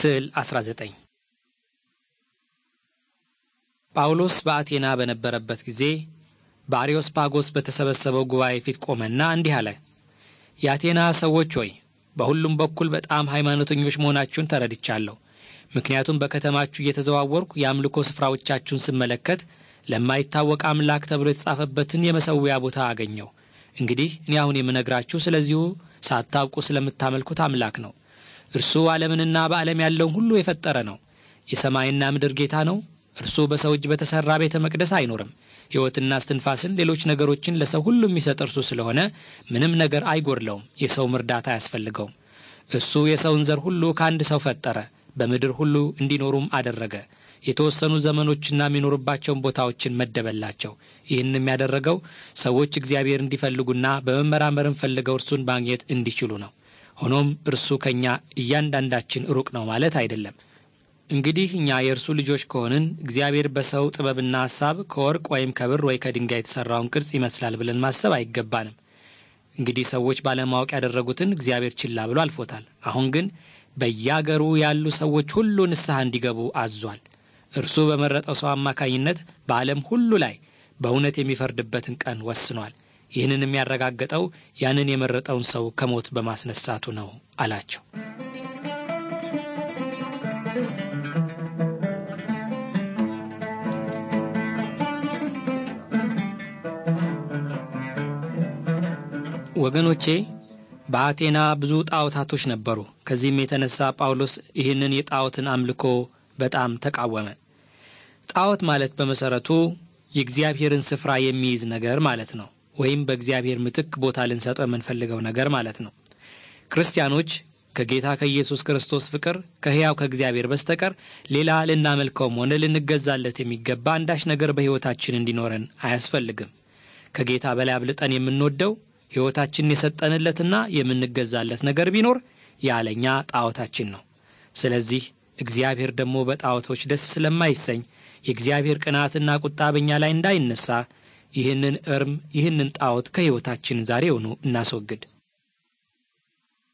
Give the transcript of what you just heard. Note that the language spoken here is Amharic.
ስዕል 19 ጳውሎስ በአቴና በነበረበት ጊዜ በአርዮስፓጎስ በተሰበሰበው ጉባኤ ፊት ቆመና እንዲህ አለ። የአቴና ሰዎች ሆይ በሁሉም በኩል በጣም ሃይማኖተኞች መሆናችሁን ተረድቻለሁ። ምክንያቱም በከተማችሁ እየተዘዋወርኩ የአምልኮ ስፍራዎቻችሁን ስመለከት ለማይታወቅ አምላክ ተብሎ የተጻፈበትን የመሠዊያ ቦታ አገኘው። እንግዲህ እኔ አሁን የምነግራችሁ ስለዚሁ ሳታውቁ ስለምታመልኩት አምላክ ነው። እርሱ ዓለምንና በዓለም ያለውን ሁሉ የፈጠረ ነው። የሰማይና ምድር ጌታ ነው። እርሱ በሰው እጅ በተሠራ ቤተ መቅደስ አይኖርም። ሕይወትና እስትንፋስን፣ ሌሎች ነገሮችን ለሰው ሁሉ የሚሰጥ እርሱ ስለሆነ ምንም ነገር አይጎድለውም። የሰውም እርዳታ አያስፈልገውም። እሱ የሰውን ዘር ሁሉ ከአንድ ሰው ፈጠረ፣ በምድር ሁሉ እንዲኖሩም አደረገ። የተወሰኑ ዘመኖችና የሚኖሩባቸውን ቦታዎችን መደበላቸው። ይህንም ያደረገው ሰዎች እግዚአብሔር እንዲፈልጉና በመመራመርም ፈልገው እርሱን ማግኘት እንዲችሉ ነው። ሆኖም እርሱ ከእኛ እያንዳንዳችን ሩቅ ነው ማለት አይደለም። እንግዲህ እኛ የእርሱ ልጆች ከሆንን እግዚአብሔር በሰው ጥበብና ሐሳብ ከወርቅ ወይም ከብር ወይ ከድንጋይ የተሠራውን ቅርጽ ይመስላል ብለን ማሰብ አይገባንም። እንግዲህ ሰዎች ባለማወቅ ያደረጉትን እግዚአብሔር ችላ ብሎ አልፎታል። አሁን ግን በያገሩ ያሉ ሰዎች ሁሉ ንስሐ እንዲገቡ አዟል። እርሱ በመረጠው ሰው አማካኝነት በዓለም ሁሉ ላይ በእውነት የሚፈርድበትን ቀን ወስኗል። ይህንን የሚያረጋግጠው ያንን የመረጠውን ሰው ከሞት በማስነሳቱ ነው አላቸው። ወገኖቼ በአቴና ብዙ ጣዖታቶች ነበሩ። ከዚህም የተነሳ ጳውሎስ ይህንን የጣዖትን አምልኮ በጣም ተቃወመ። ጣዖት ማለት በመሠረቱ የእግዚአብሔርን ስፍራ የሚይዝ ነገር ማለት ነው። ወይም በእግዚአብሔር ምትክ ቦታ ልንሰጠው የምንፈልገው ነገር ማለት ነው። ክርስቲያኖች ከጌታ ከኢየሱስ ክርስቶስ ፍቅር ከሕያው ከእግዚአብሔር በስተቀር ሌላ ልናመልከውም ሆነ ልንገዛለት የሚገባ አንዳች ነገር በሕይወታችን እንዲኖረን አያስፈልግም። ከጌታ በላይ አብልጠን የምንወደው ሕይወታችንን የሰጠንለትና የምንገዛለት ነገር ቢኖር ያለኛ ጣዖታችን ነው። ስለዚህ እግዚአብሔር ደግሞ በጣዖቶች ደስ ስለማይሰኝ የእግዚአብሔር ቅናትና ቁጣ በእኛ ላይ እንዳይነሳ ይህንን እርም ይህንን ጣዖት ከሕይወታችን ዛሬውኑ እናስወግድ።